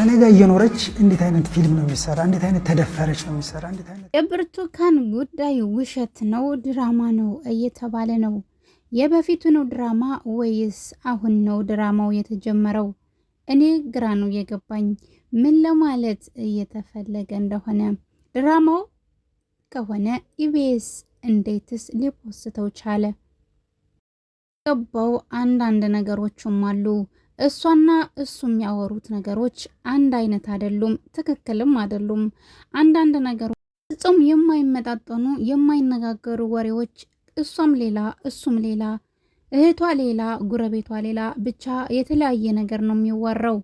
እኔ ጋር እየኖረች እንዴት አይነት ፊልም ነው የሚሰራ? እንዴት አይነት ተደፈረች ነው የሚሰራ? እንዴት አይነት የብርቱካን ጉዳይ ውሸት ነው ድራማ ነው እየተባለ ነው የበፊቱ ነው ድራማ ወይስ አሁን ነው ድራማው የተጀመረው? እኔ ግራ ነው የገባኝ። ምን ለማለት እየተፈለገ እንደሆነ ድራማው ከሆነ ኢቢኤስ እንዴትስ ሊፖስተው ቻለ? ገባው። አንዳንድ ነገሮችም አሉ። እሷና እሱ የሚያወሩት ነገሮች አንድ አይነት አይደሉም፣ ትክክልም አይደሉም። አንዳንድ ነገሮች ፍጹም የማይመጣጠኑ የማይነጋገሩ ወሬዎች እሷም ሌላ እሱም ሌላ እህቷ ሌላ ጉረቤቷ ሌላ ብቻ የተለያየ ነገር ነው የሚወራው።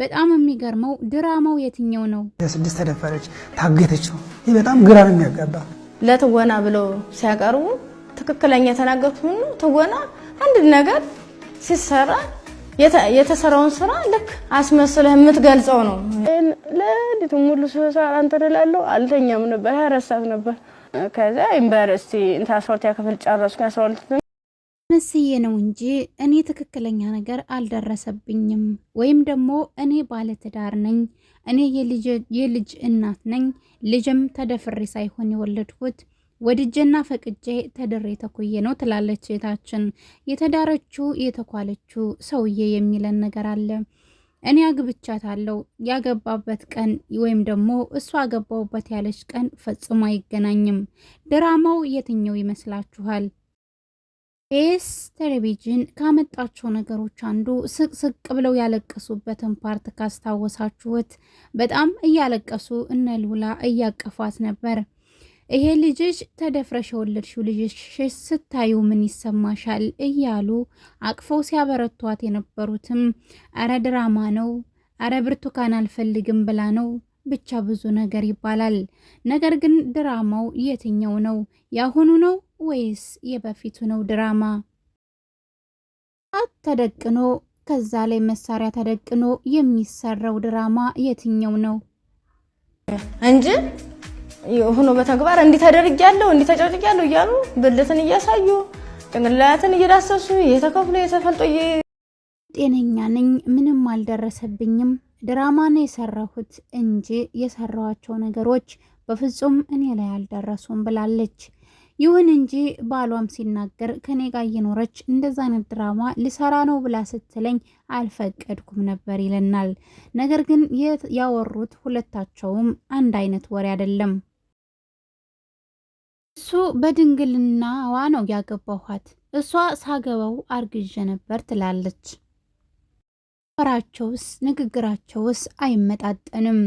በጣም የሚገርመው ድራማው የትኛው ነው? ስድስት ተደፈረች፣ ታገተች ነው። ይህ በጣም ግራ ነው የሚያጋባ። ለትወና ብለው ሲያቀርቡ ትክክለኛ የተናገርኩት ሁሉ ትወና አንድ ነገር ሲሰራ የተሰራውን ስራ ልክ አስመስለህ የምትገልጸው ነው። ለእንዴት ሙሉ ስሳር አንተደላለሁ አልተኛም ነበር ያረሳት ነበር ከዛ ዩኒቨርሲቲ እንትን አስራ ሁለተኛ ክፍል ጨረስኩ። አስራ ሁለት መስዬ ነው እንጂ እኔ ትክክለኛ ነገር አልደረሰብኝም፣ ወይም ደግሞ እኔ ባለትዳር ነኝ፣ እኔ የልጅ እናት ነኝ፣ ልጅም ተደፍሬ ሳይሆን የወለድኩት ወድጄና ፈቅጄ ተድሬ ተኮየ ነው ትላለች እህታችን። የተዳረችው የተኳለችው ሰውዬ የሚለን ነገር አለ። እኔ አግብቻታለሁ ያገባበት ቀን ወይም ደግሞ እሱ አገባውበት ያለች ቀን ፈጽሞ አይገናኝም። ድራማው የትኛው ይመስላችኋል? ኤስ ቴሌቪዥን ካመጣቸው ነገሮች አንዱ ስቅስቅ ብለው ያለቀሱበትን ፓርት ካስታወሳችሁት በጣም እያለቀሱ እነ ሉላ እያቀፏት ነበር። ይሄ ልጅሽ ተደፍረሽ የወለድሽው ልጅሽ ስታዩ ምን ይሰማሻል? እያሉ አቅፈው ሲያበረቷት የነበሩትም አረ ድራማ ነው፣ አረ ብርቱካን አልፈልግም ብላ ነው ብቻ ብዙ ነገር ይባላል። ነገር ግን ድራማው የትኛው ነው? ያሁኑ ነው ወይስ የበፊቱ ነው? ድራማ ተደቅኖ ከዛ ላይ መሳሪያ ተደቅኖ የሚሰራው ድራማ የትኛው ነው እንጂ ሆኖ በተግባር እንዲህ ተደርጊያለሁ እንዲህ ተጨርጊያለሁ እያሉ ብልትን እያሳዩ ጭንቅላትን እየዳሰሱ የተከፍሎ የተፈልጦ ጤነኛ ነኝ፣ ምንም አልደረሰብኝም፣ ድራማ ነው የሰራሁት እንጂ የሰራኋቸው ነገሮች በፍጹም እኔ ላይ አልደረሱም ብላለች። ይሁን እንጂ ባሏም ሲናገር ከኔ ጋር እየኖረች እንደዛ አይነት ድራማ ልሰራ ነው ብላ ስትለኝ አልፈቀድኩም ነበር ይለናል። ነገር ግን ያወሩት ሁለታቸውም አንድ አይነት ወሬ አይደለም። እሱ በድንግልናዋ ነው ያገባኋት፣ እሷ ሳገባው አርግዤ ነበር ትላለች። ራቸውስ ንግግራቸውስ አይመጣጠንም።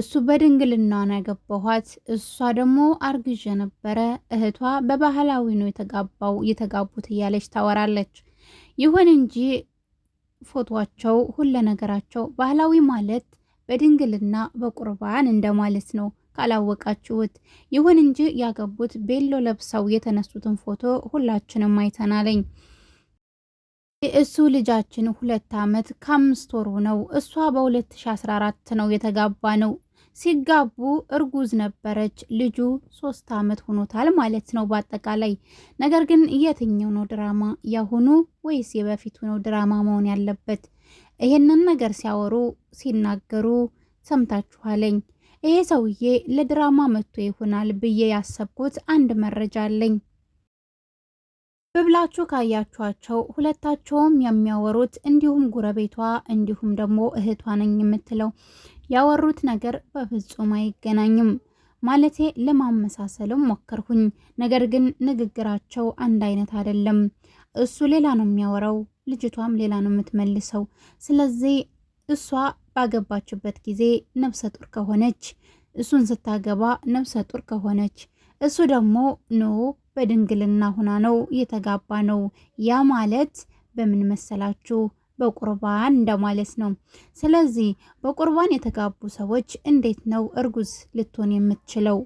እሱ በድንግልና ነው ያገባኋት፣ እሷ ደግሞ አርግዤ ነበረ፣ እህቷ በባህላዊ ነው የተጋባው የተጋቡት እያለች ታወራለች። ይሁን እንጂ ፎቷቸው ሁለ ነገራቸው ባህላዊ ማለት በድንግልና በቁርባን እንደማለት ነው። ካላወቃችሁት። ይሁን እንጂ ያገቡት ቤሎ ለብሰው የተነሱትን ፎቶ ሁላችንም አይተናለኝ። የእሱ ልጃችን ሁለት ዓመት ከአምስት ወሩ ነው። እሷ በ2014 ነው የተጋባ ነው። ሲጋቡ እርጉዝ ነበረች። ልጁ ሶስት ዓመት ሆኖታል ማለት ነው በአጠቃላይ። ነገር ግን የትኛው ነው ድራማ ያሁኑ ወይስ የበፊቱ ነው ድራማ መሆን ያለበት? ይሄንን ነገር ሲያወሩ ሲናገሩ ሰምታችኋለኝ። ይሄ ሰውዬ ለድራማ መጥቶ ይሆናል ብዬ ያሰብኩት አንድ መረጃ አለኝ። በብላችሁ ካያችኋቸው ሁለታቸውም የሚያወሩት እንዲሁም ጉረቤቷ እንዲሁም ደግሞ እህቷ ነኝ የምትለው ያወሩት ነገር በፍጹም አይገናኝም። ማለቴ ለማመሳሰልም ሞከርኩኝ፣ ነገር ግን ንግግራቸው አንድ አይነት አይደለም። እሱ ሌላ ነው የሚያወራው፣ ልጅቷም ሌላ ነው የምትመልሰው። ስለዚህ እሷ ባገባችበት ጊዜ ነፍሰ ጡር ከሆነች እሱን ስታገባ ነፍሰ ጡር ከሆነች እሱ ደግሞ ኖ በድንግልና ሁና ነው የተጋባ ነው። ያ ማለት በምን መሰላችሁ? በቁርባን እንደማለት ነው። ስለዚህ በቁርባን የተጋቡ ሰዎች እንዴት ነው እርጉዝ ልትሆን የምትችለው?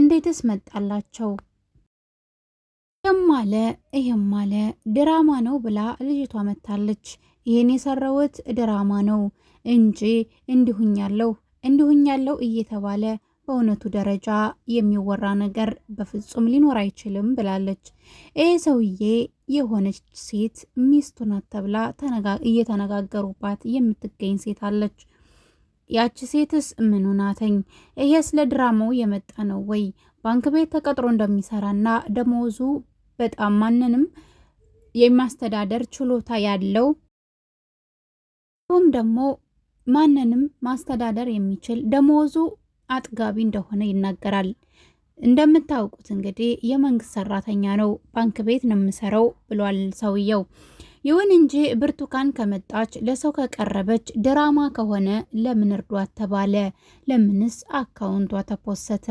እንዴትስ መጣላቸው? ይህም አለ ይህም አለ ድራማ ነው ብላ ልጅቷ መታለች። ይህን የሰራሁት ድራማ ነው እንጂ እንዲሁኛለሁ እንዲሁኛለሁ እየተባለ በእውነቱ ደረጃ የሚወራ ነገር በፍጹም ሊኖር አይችልም ብላለች። ይህ ሰውዬ የሆነች ሴት ሚስቱ ናት ተብላ እየተነጋገሩባት የምትገኝ ሴት አለች። ያቺ ሴትስ ምኑ ናተኝ? ስለ ድራማው የመጣ ነው ወይ? ባንክ ቤት ተቀጥሮ እንደሚሰራና ደሞዙ በጣም ማንንም የሚያስተዳደር ችሎታ ያለው ም ደግሞ ማንንም ማስተዳደር የሚችል ደሞዙ አጥጋቢ እንደሆነ ይናገራል። እንደምታውቁት እንግዲህ የመንግስት ሰራተኛ ነው፣ ባንክ ቤት ነው የምሰራው ብሏል ሰውየው። ይሁን እንጂ ብርቱካን ከመጣች ለሰው ከቀረበች ድራማ ከሆነ ለምን እርዷት ተባለ? ለምንስ አካውንቷ ተፖሰተ?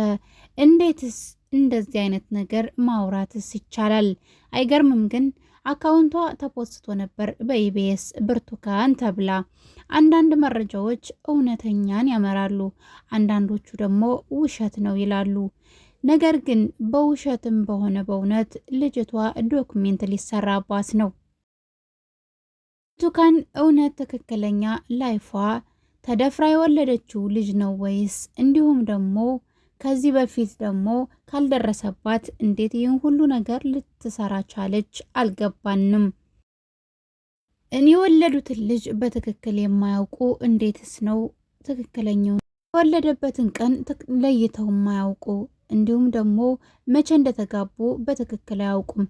እንዴትስ እንደዚህ አይነት ነገር ማውራትስ ይቻላል? አይገርምም ግን አካውንቷ ተፖስቶ ነበር በኢቢኤስ ብርቱካን ተብላ። አንዳንድ መረጃዎች እውነተኛን ያመራሉ፣ አንዳንዶቹ ደግሞ ውሸት ነው ይላሉ። ነገር ግን በውሸትም በሆነ በእውነት ልጅቷ ዶክሜንት ሊሰራባት ነው። ብርቱካን እውነት ትክክለኛ ላይፏ ተደፍራ የወለደችው ልጅ ነው ወይስ እንዲሁም ደግሞ ከዚህ በፊት ደግሞ ካልደረሰባት እንዴት ይህን ሁሉ ነገር ልትሰራ ቻለች? አልገባንም። እኔ የወለዱትን ልጅ በትክክል የማያውቁ እንዴትስ ነው ትክክለኛው የወለደበትን ቀን ለይተው የማያውቁ እንዲሁም ደግሞ መቼ እንደተጋቡ በትክክል አያውቁም።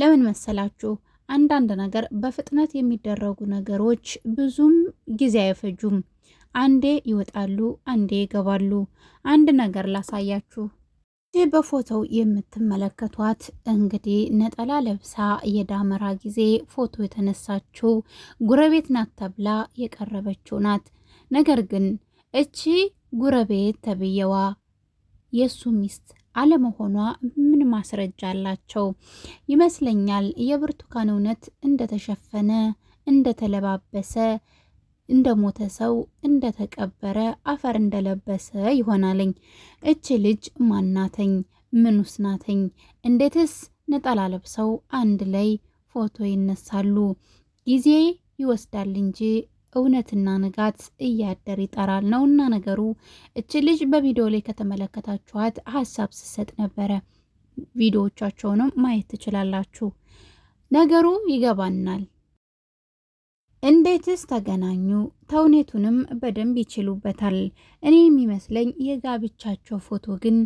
ለምን መሰላችሁ? አንዳንድ ነገር በፍጥነት የሚደረጉ ነገሮች ብዙም ጊዜ አይፈጁም። አንዴ ይወጣሉ፣ አንዴ ይገባሉ። አንድ ነገር ላሳያችሁ። ይህ በፎቶው የምትመለከቷት እንግዲህ ነጠላ ለብሳ የዳመራ ጊዜ ፎቶ የተነሳችው ጉረቤት ናት ተብላ የቀረበችው ናት። ነገር ግን እቺ ጉረቤት ተብየዋ የእሱ ሚስት አለመሆኗ ምን ማስረጃ አላቸው? ይመስለኛል የብርቱካን እውነት እንደተሸፈነ እንደተለባበሰ እንደ ሞተ ሰው እንደተቀበረ አፈር እንደለበሰ ይሆናልኝ። እች ልጅ ማናተኝ? ምኑስ ናተኝ? እንዴትስ ነጠላ ለብሰው አንድ ላይ ፎቶ ይነሳሉ? ጊዜ ይወስዳል እንጂ እውነትና ንጋት እያደር ይጠራል ነውና ነገሩ። እች ልጅ በቪዲዮ ላይ ከተመለከታችኋት ሀሳብ ስሰጥ ነበረ። ቪዲዮዎቻቸውንም ማየት ትችላላችሁ። ነገሩ ይገባናል። እንዴትስ ተገናኙ? ተውኔቱንም በደንብ ይችሉበታል። እኔ የሚመስለኝ የጋብቻቸው ፎቶ ግን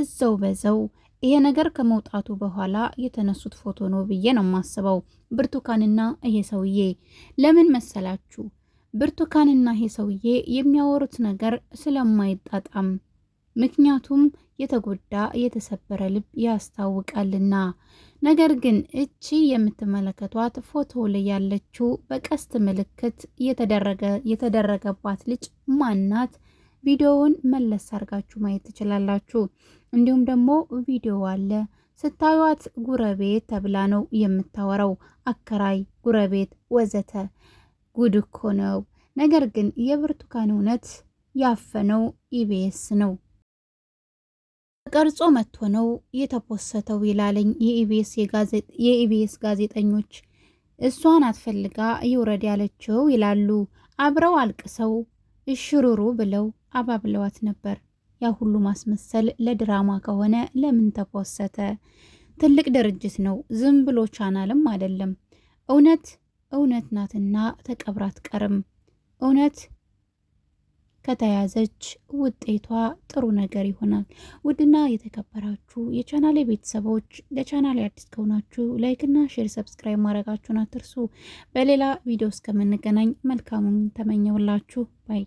እዘው በዘው ይሄ ነገር ከመውጣቱ በኋላ የተነሱት ፎቶ ነው ብዬ ነው የማስበው። ብርቱካንና ይሄ ሰውዬ ለምን መሰላችሁ? ብርቱካንና ይሄ ሰውዬ የሚያወሩት ነገር ስለማይጣጣም ምክንያቱም የተጎዳ የተሰበረ ልብ ያስታውቃልና። ነገር ግን እቺ የምትመለከቷት ፎቶ ላይ ያለችው በቀስት ምልክት የተደረገባት ልጅ ማናት? ቪዲዮውን መለስ አድርጋችሁ ማየት ትችላላችሁ። እንዲሁም ደግሞ ቪዲዮ አለ። ስታዩት ጉረቤት ተብላ ነው የምታወራው። አከራይ፣ ጉረቤት፣ ወዘተ ጉድ እኮ ነው። ነገር ግን የብርቱካን እውነት ያፈነው ኢቢኤስ ነው። ቀርጾ መጥቶ ነው የተፖሰተው ይላለኝ የኢቢኤስ ጋዜጠኞች። እሷን አትፈልጋ ይውረድ ያለችው ይላሉ። አብረው አልቅሰው እሽሩሩ ብለው አባብለዋት ነበር። ያ ሁሉ ማስመሰል ለድራማ ከሆነ ለምን ተፖሰተ? ትልቅ ድርጅት ነው፣ ዝም ብሎ ቻናልም አይደለም። እውነት እውነት ናትና ተቀብራ አትቀርም። እውነት ከተያዘች ውጤቷ ጥሩ ነገር ይሆናል። ውድና የተከበራችሁ የቻናሌ ቤተሰቦች ለቻናሌ አዲስ ከሆናችሁ ላይክና ሼር፣ ሰብስክራይብ ማድረጋችሁን አትርሱ። በሌላ ቪዲዮ እስከምንገናኝ መልካሙን ተመኘውላችሁ ባይ